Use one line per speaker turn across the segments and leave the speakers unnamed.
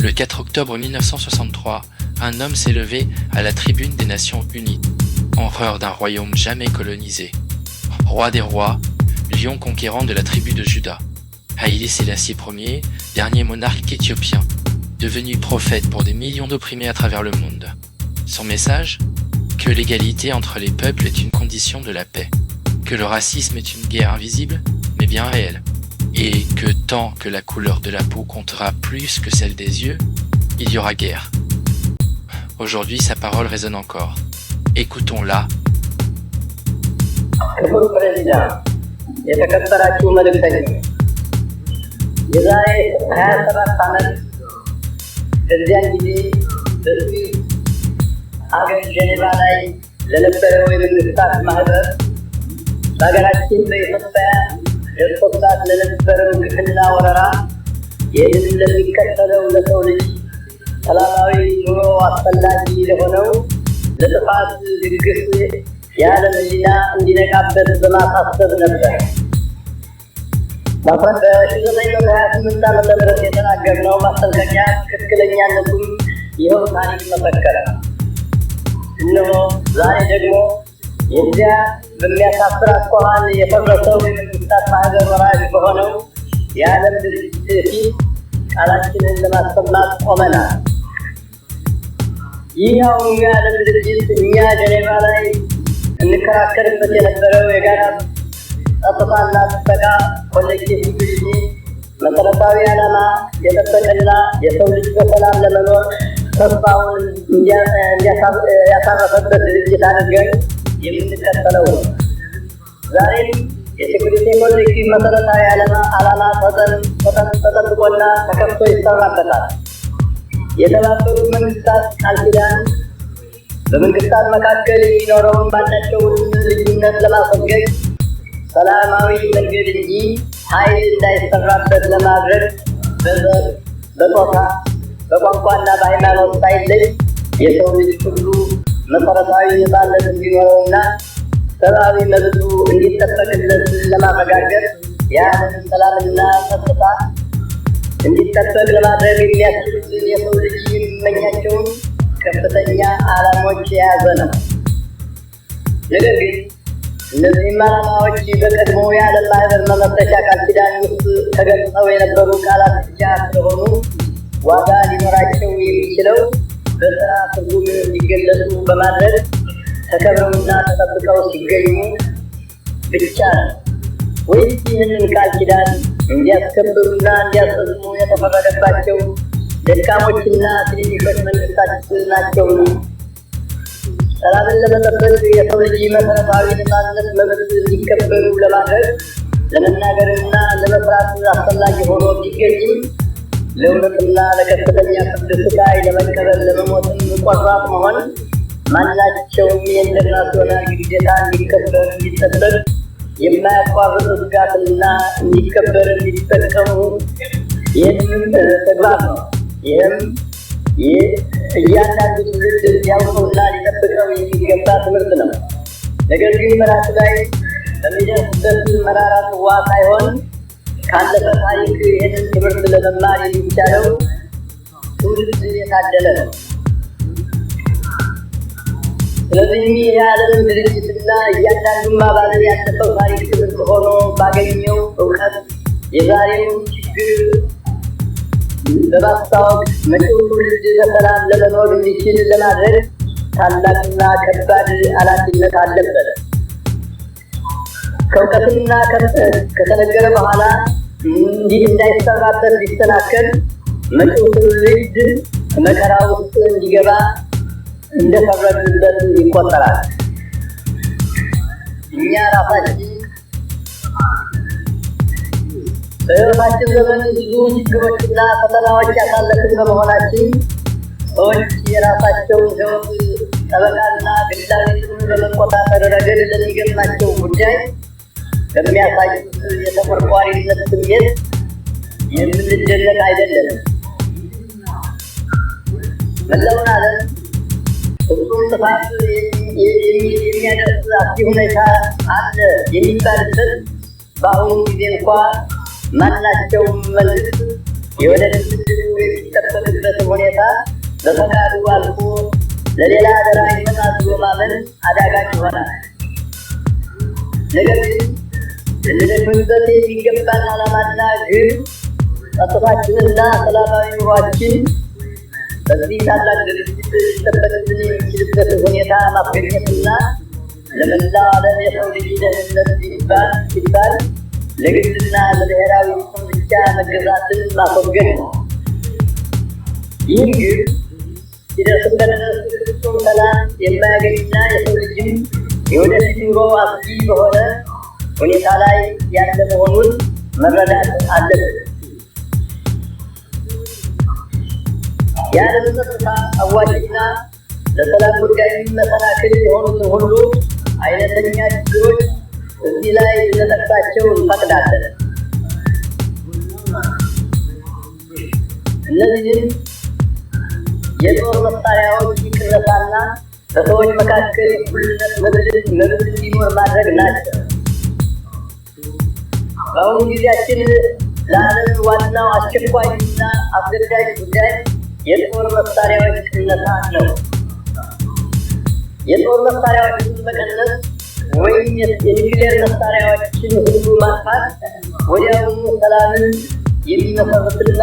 Le 4 octobre 1963, un homme s'est levé à la tribune des Nations Unies, empereur d'un royaume jamais colonisé, roi des rois, lion conquérant de la tribu de Juda. Haïlé Sélassié Ier, dernier monarque éthiopien, devenu prophète pour des millions d'opprimés à travers le monde. Son message Que l'égalité entre les peuples est une condition de la paix, que le racisme est une guerre invisible, mais bien réelle et que tant que la couleur de la peau comptera plus que celle des yeux, il y aura guerre. Aujourd'hui, sa parole résonne encore. Écoutons-la.
ለቆፍሳት ለነበረው ግፍና ወረራ ይህንን ለሚከተለው ለሰው ልጅ ሰላማዊ ኑሮ አስፈላጊ ለሆነው ለጥፋት ድግስ የዓለም ሕሊና እንዲነቃበት በማሳሰብ ነበር። በ1928 ዓ ም የተናገርነው ማስጠንቀቂያ ትክክለኛነቱም ይኸው ታሪክ መሰከረ። እነሆ ዛሬ ደግሞ እዚያ በሚያሳፍራት አኳኋን የፈረሰው የመንግስታት ማህበር ወራጅ በሆነው የዓለም ድርጅት ፊት ቃላችንን ለማሰማት ቆመናል። ይህ አሁኑ የዓለም ድርጅት እኛ ጀኔቫ ላይ እንከራከርበት የነበረው የጋራ ጸጥታና ጥበቃ ኮሌክቲቭ ግዢ መሰረታዊ ዓላማ የጠበቀና የሰው ልጅ በሰላም ለመኖር ተስፋውን እንዲያሳረፈበት ድርጅት አድርገን የምንከተለው ዛሬም የሴኩሪቲ ኮሌክቲቭ መሰረታዊ ዓላማ ተጠብቆና ተከፍቶ ይሰራበታል። የተባበሩት መንግስታት ቃል ኪዳን በመንግስታት መካከል የሚኖረውን ባላቸውን ልዩነት ለማስወገድ ሰላማዊ መንገድ እንጂ ኃይል እንዳይሰራበት ለማድረግ በጾታ፣ በቋንቋና በሃይማኖት ሳይለይ የሰው ልጅ ሁሉ መሰረታዊ ነፃነት እንዲኖረውና ሰብአዊ መብቱ እንዲጠበቅለት ለማረጋገጥ የአለም ሰላምና ጸጥታ እንዲጠበቅ ለማድረግ የሚያስችሉትን የሰው ልጅ የሚመኛቸውን ከፍተኛ ዓላማዎች የያዘ ነው። ነገር ግን እነዚህም ዓላማዎች በቀድሞ የዓለም ማህበር መመስረቻ ቃል ኪዳን ውስጥ ተገልጸው የነበሩ ቃላት ብቻ ስለሆኑ ዋጋ ሊኖራቸው የሚችለው በስራ ትርጉም እንዲገለጹ በማድረግ ተከብረውና ተጠብቀው ሲገኙ ብቻ ነው። ወይም ይህንን ቃል ኪዳን እንዲያስከብሩና እንዲያስፈጽሙ የተፈረደባቸው ደካሞችና ትንንሾች መንግስታችን ናቸው። ሰላምን ለመጠበቅ የሰው ልጅ መሰረታዊ ነጻነት መብት እንዲከበሩ ለማድረግ ለመናገርና ለመስራት አስፈላጊ ሆኖ ቢገኝም ለእውነትና ለከፍተኛ ፍርድ ስቃይ ለመቀበል ቆራጥ መሆን ማናቸውም የኢንተርናሽናል ግዴታ እንዲከበር እንዲጠበቅ የማያቋርጥ ትጋትና እንዲከበር እንዲጠቀሙ ይህም ተግባር ነው። ይህም እያንዳንዱ ትውልድ ሊያውቀውና ሊጠብቀው የሚገባ ትምህርት ነው። ነገር ግን በራስ ላይ በሚደርስበት መራራ ጽዋ ሳይሆን ካለፈ ታሪክ ይህንን ትምህርት ለመማር የሚቻለው ትውልድ የታደለ ነው። በዚህም የዓለምን ድርጅትና እያንዳንዱም አባልን ያሰበው ታሪክ ትምህርት ሆኖ ባገኘው እውቀት የዛሬውን ችግር በማስታወቅ መጪውን ትውልድ በሰላም ለመኖር እንዲችል ለማድረግ ታላቅና ከባድ ኃላፊነት አለበት። ከእውቀትና ከተነገረ በኋላ እንዲህ እንዳይሰራበት ሊሰናከል መጪው ትውልድ መከራ ውስጥ እንዲገባ እንደ ፈረድንበት ይቆጠራል። እኛ ራሳችን በሕይወታችን ዘመን ብዙ ችግሮችና ፈተናዎች ያሳለፍን በመሆናችን ሰዎች የራሳቸውን ሕይወት ጠበቃና ግላዊነትን በመቆጣጠር ረገድ ለሚገጥማቸው ጉዳይ ከሚያሳዩት የተቆርቋሪነት ስሜት የምንደነቅ አይደለም። መላውን ዓለም ብዙም ጥፋት የሚያደርስ አስጊ ሁኔታ አለ የሚባልበት በአሁኑ ጊዜ እንኳ ማናቸውም መንግስት የወደፊት የሚጠበቅበት ሁኔታ በፈቃዱ አልፎ ለሌላ ሀገራ ይመጣሉ ማመን አዳጋች ይሆናል። ነገር ግን ልንደክምበት የሚገባን ዓላማና ግብ ጸጥታችንና ሰላማዊ ኑሯችን በዚህ ታላቅ ድርጅት ሊጠበቅብን የሚችልበት ሁኔታ ማገኘትና ለመላው ዓለም የሰው ልጅ ደህንነት ሲባል ሲባል ለግልና ለብሔራዊ ጥቅም ብቻ መገዛትን ማስወገድ ነው። ይህ ግብ ሲደርስበት ፍጹም ሰላም የማያገኝና የሰው ልጅም የወደፊት ኑሮ አስጊ በሆነ ሁኔታ ላይ ያለ መሆኑን መረዳት አለብን። የዓለምን መጥፋ አዋጅና ለሰላም ጉዳይ መሰናክል የሆኑትን ሁሉ አይነተኛ ችግሮች እዚህ ላይ ልንጠቅሳቸው እንፈቅዳለን። እነዚህም የጦር መሳሪያዎች ቅነሳና በሰዎች መካከል እኩልነት መብት እንዲኖር ማድረግ ናቸው። በአሁኑ ጊዜያችን ለዓለም ዋናው አስቸኳይና አስገዳጅ ጉዳይ የጦር መሳሪያዎች ቅነሳ ነው። የጦር መሳሪያዎችን መቀነስ ወይም የኒውክሌር መሳሪያዎችን ሁሉ ማጥፋት ወዲያውኑ ሰላምን የሚመሰርትና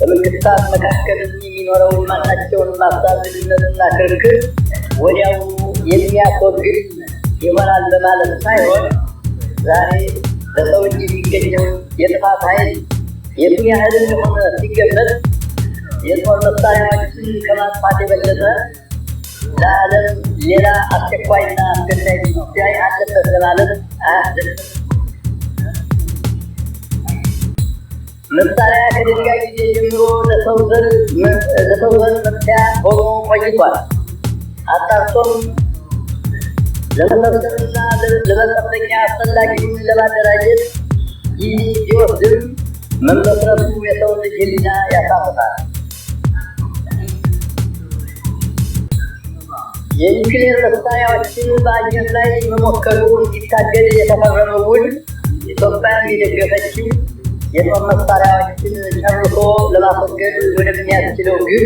በመንግስታት መካከል የሚኖረውን ማናቸውን ሀሳብ ክርክር ወዲያውኑ የሚያስወግድ ይሆናል በማለት ሳይሆን ዛሬ በሰው እጅ የሚገኘው የጥፋት ኃይል የቱን ያህል እንደሆነ ሲገመት የጦር መሳሪያዎችን ከማጥፋት የበለጠ ለዓለም ሌላ አስቸኳይና አስገዳጅ ጉዳይ አለበት ለማለት አያስደለም። መሳሪያ ከድንጋይ ጊዜ ጀምሮ ለሰው ዘንድ መፍትያ ሆኖ ቆይቷል። አጣርቶም ለመሰብሰብና ለመጠበቂያ አስፈላጊውን ለማደራጀት ጊዜ ቢወስድም መመስረቱ የሰው ልጅ ሕሊና ያሳፍታል። የኒክሌር መሳሪያዎችን በአየር ላይ መሞከሩ እንዲታገድ የተፈረመው ውል ኢትዮጵያን የደገፈችው የጦር መሳሪያዎችን ጨርሶ ለማስወገድ ወደሚያስችለው ግብ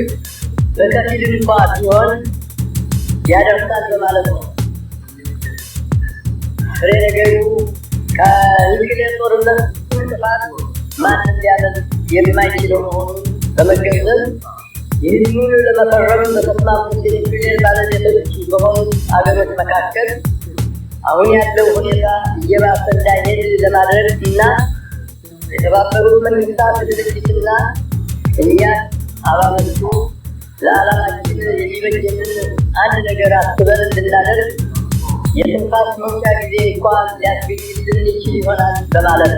በከፊል እንኳ ሲሆን ያደርሳል በማለት ነው። ፍሬ ነገሩ ከኒውክሌር ጦርነት ጥፋት ማንም ሊያደርስ የማይችለው መሆኑን በመገንዘብ ይህንን ለመፈረም በተስማሙ ሴቶችን ባለቤቶች በሆኑት አገሮች መካከል አሁን ያለው ሁኔታ እየባሰ እንዳይሄድ ለማድረግ እና የተባበሩት መንግስታት ድርጅትና እኛ አባሎቹ ለዓላማችን የሚበጀንን አንድ ነገር አስበን እንድናደርግ የትንፋስ መውጫ ጊዜ እንኳን ሊያስገኝልን ይችል ይሆናል በማለት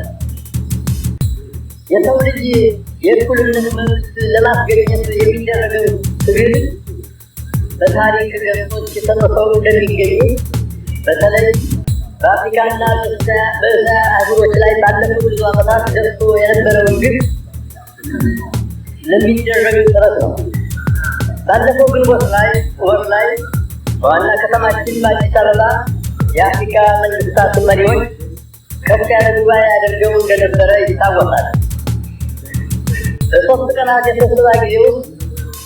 የሰው ልጅ የእኩልነት መብት ለማስገኘት የሚደረገው ትግል በታሪክ ገጾች የተጽፈው እንደሚገኙ በተለይ በአፍሪካና በእስያ አህጉሮች ላይ ባለፉት ብዙ ዓመታት ደርሶ የነበረውን ግብ ለሚደረግ ጥረት ነው። ባለፈው ግንቦት ላይ ወር ላይ በዋና ከተማችን በአዲስ አበባ የአፍሪካ መንግስታት መሪዎች ከፍ ያለ ጉባኤ አድርገው እንደነበረ ይታወሳል። በሶስት ቀናት የስብሰባ ጊዜ ውስጥ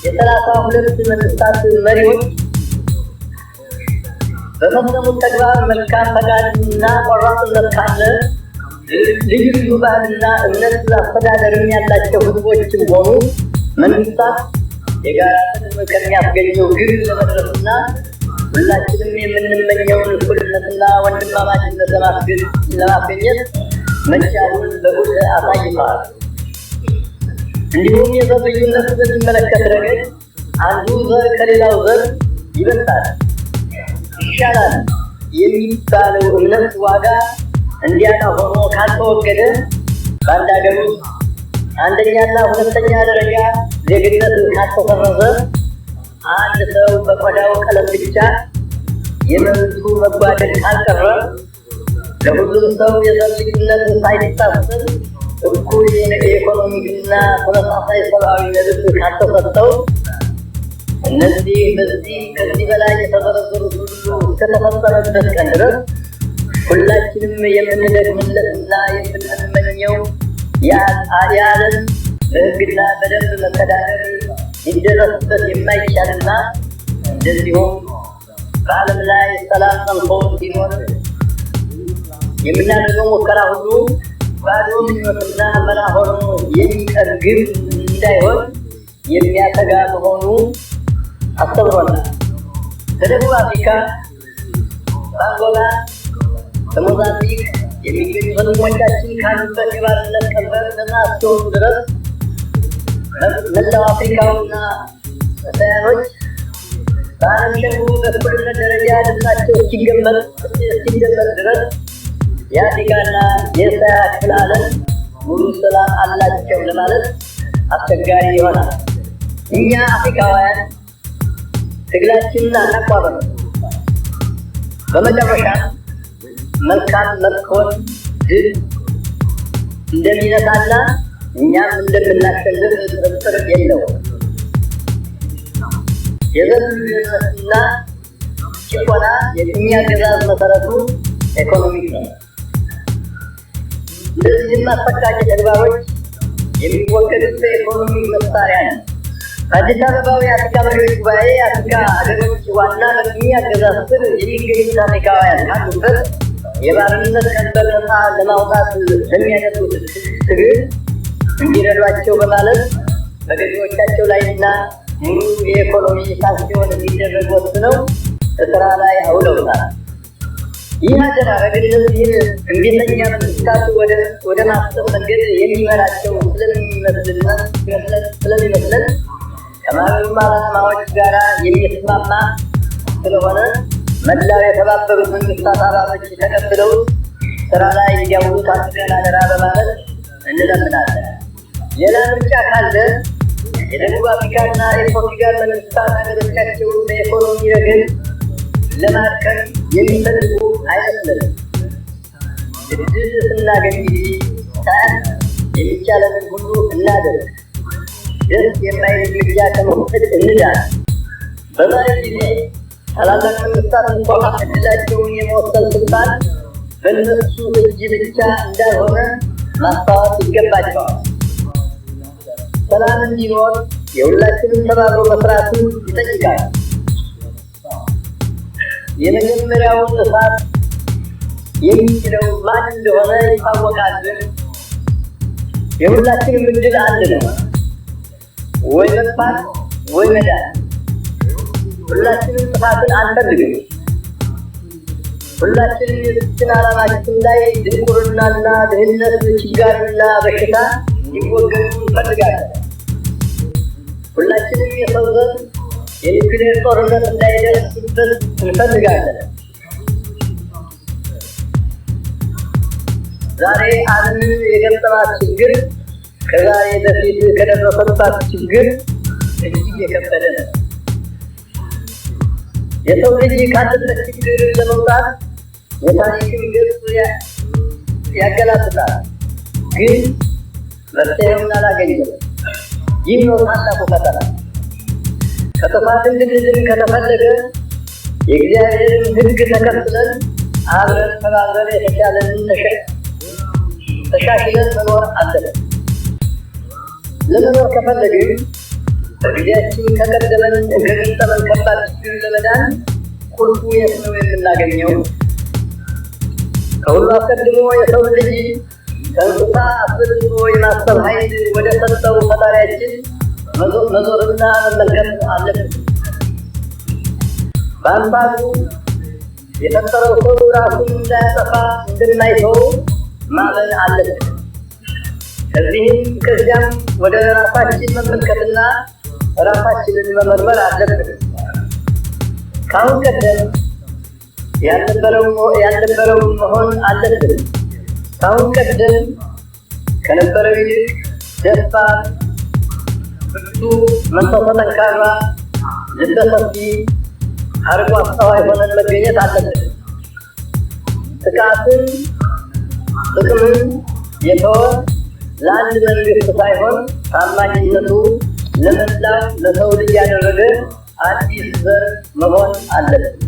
የሰላሳ ሁለት መንግስታት መሪዎች በፈጸሙት ተግባር መልካም ፈቃድና ቆራጥነት ካለ ልዩ ልዩ ባህልና እምነት አስተዳደርም ያላቸው ህዝቦችም ሆኑ መንግስታት የጋራ ጥቅም ከሚያስገኘው ግብ ለመድረስና ሁላችንም የምንመኘውን እኩልነትና ወንድማማችነት ለማስገኘት መቻሉን በጉል አሳይተዋል። እንዲሁም የዘር ልዩነት በሚመለከት ረገድ አንዱ ዘር ከሌላው ዘር ይበልጣል፣ ይሻላል የሚባለው እምነት ዋጋ እንዲያጣ ሆኖ ካልተወገደ በአንድ ሀገር ውስጥ አንደኛና ሁለተኛ ደረጃ ዜግነት ካልተሰረዘ አንድ ሰው በቆዳው ቀለም ብቻ የመንቱ መጓደል ካልቀረ ለሁሉም ሰው የዘር ልዩነት ሳይታሰብ እኩል የኢኮኖሚክና ተመሳሳይ ሰብአዊ መብት ካልተሰጠው እነዚህ በዚህ ከዚህ በላይ የተዘረዘሩት ሁሉ እስከተፈጸመበት ቀን ድረስ ሁላችንም የምንደግምለትና የምንመኘው የዓለም በሕግና በደንብ መተዳደር ሊደረስበት የማይቻልና እንደዚሁም በዓለም ላይ ሰላም ሰንፎ ሲኖር የምናደርገው ሙከራ ሁሉ ባዶም ሕይወትና መላ ሆኖ የሚጠርግም እንዳይሆን የሚያሰጋ መሆኑ አስተምሮናል። በደቡብ አፍሪካ፣ በአንጎላ፣ በሞዛምቢክ የሚገኙ ወንድሞቻችን ካሉበት የባርነት ቀንበር ለናቸውን ድረስ መላው አፍሪካውና ሳያኖች በዓለም ደግሞ በእኩልነት ደረጃ ድምፃቸው እስኪገመጥ ድረስ የአፍሪካና የእስያ ክፍለ ዓለም ሙሉ ሰላም አላቸው ለማለት አስቸጋሪ ይሆናል። እኛ አፍሪካውያን ትግላችንን አናቋርጥም። በመጨረሻ መልካም መኮን ድል እንደሚነሳና እኛም እንደምናሸንፍ ጥርጥር የለውም። የዘርና ጭቆና የቅኝ መሰረቱ ኢኮኖሚክ ነው። እነዚህም አሰቃቂ ተግባሮች የሚወገዱት በኢኮኖሚ መሳሪያ ነው። አዲስ አበባዊ አፍሪካ መሪዎች ጉባኤ አፍሪካ ሀገሮች ዋና በሚ አገዛዝ ስር የሚገኙት አፍሪካውያን ካሉበት የባርነት ቀንበር ነፃ ለማውጣት ለሚያደርጉት ትግል እንዲረዷቸው በማለት በገዢዎቻቸው ላይና ሙሉ የኢኮኖሚ ሳንክሲዮን እንዲደረግ ወስነው ስራ ላይ አውለውታል። ይህ አደራር እንግዲህ ለዚህ እንቢተኛ መንግስታት ወደ ወደ ማሰብ መንገድ የሚመራቸው ስለሚመስልና ስለሚመስለን ከማህበሩ ዓላማዎች ጋር የሚስማማ ስለሆነ መላው የተባበሩት መንግስታት አባሎች ተቀብለው ስራ ላይ እንዲያውሉት አስገን አደራ በማለት እንለምናለን። ሌላ ምርጫ ካለ የደቡብ አፍሪካና የፖርቱጋል መንግስታት ሀገሮቻቸውን በኢኮኖሚ ረገድ ለማርከም የሚፈልጉ አይመስለንም። ድል ስናገኝ ሰዓት የሚቻለንን ሁሉ እናደርግ፣ ደስ የማይል እርምጃ ከመውሰድ እንዳል። በመኸር ጊዜ ታላላቅ መንግስታት እንኳ እድላቸውን የመወሰን ስልጣን በእነሱ እጅ ብቻ እንዳልሆነ ማስታወስ ይገባቸዋል። ሰላም እንዲኖር የሁላችንም ተባብሮ መስራትን ይጠይቃል። የመጀመሪያውን እሳት የሚችለው ማን እንደሆነ ይታወቃል። የሁላችንም እድል አንድ ነው፣ ወይ መጥፋት ወይ መዳን። ሁላችንም ጥፋትን አንፈልግም። ሁላችንም የዝችን ዓላማችን ላይ ድንቁርናና ድህነት፣ ችጋርና በሽታ ይወገዱ እንፈልጋለን። ሁላችንም የሰው ዘር የኒውክሌር ጦርነት እንዳይደርስበት እንፈልጋለን። ዛሬ ዓለምን የገጠማት ችግር ከዛሬ በፊት ከደረሰባት ችግር እጅግ የከበደ ነው። የሰው ልጅ ካለበት ችግር ለመውጣት የታሪክን ገጽ ያገላጥጣል፣ ግን መፍትሄውን አላገኘም። ይህ ነው ታላቁ ፈተና። ከጥፋት እንድንድን ከተፈለገ የእግዚአብሔርን ሕግ ተከትለን አብረን ተባብረን የተሻለንን ተሻሽለን መኖር አለብን። ለመኖር ከፈለግን በጊዜያችን ከቀደመን ከገጠመን ከባድ ችግር ለመዳን ቁልፉ የት ነው የምናገኘው? ከሁሉ አስቀድሞ የሰው ልጅ ከእንስሳ አስበልጦ የማሰብ ኃይል ወደ ሰጠው ፈጣሪያችን መዞርና መመልከት አለብን። በአንባሉ የፈጠረው ሰው ራሱን እንዳያጠፋ እንደማይተው ማመን አለብን። ከዚህም ከዚያም ወደ ራሳችን መመልከትና ራሳችንን መመርመር አለብን። ካሁን ቀደም ያልነበረውን መሆን አለብን። ካሁን ቀደም ከነበረው ይልቅ ደፋ፣ ብርቱ፣ መንፈሰ ጠንካራ፣ ልበ ሰፊ፣ አርቆ አስተዋይ ሆነን መገኘት አለብን። ጥቃትን ጥቅምን የተወ ለአንድ መንግስት ሳይሆን ታማኝነቱ ለመላው ለሰው ልጅ ያደረገ አዲስ ዘር መሆን አለበት።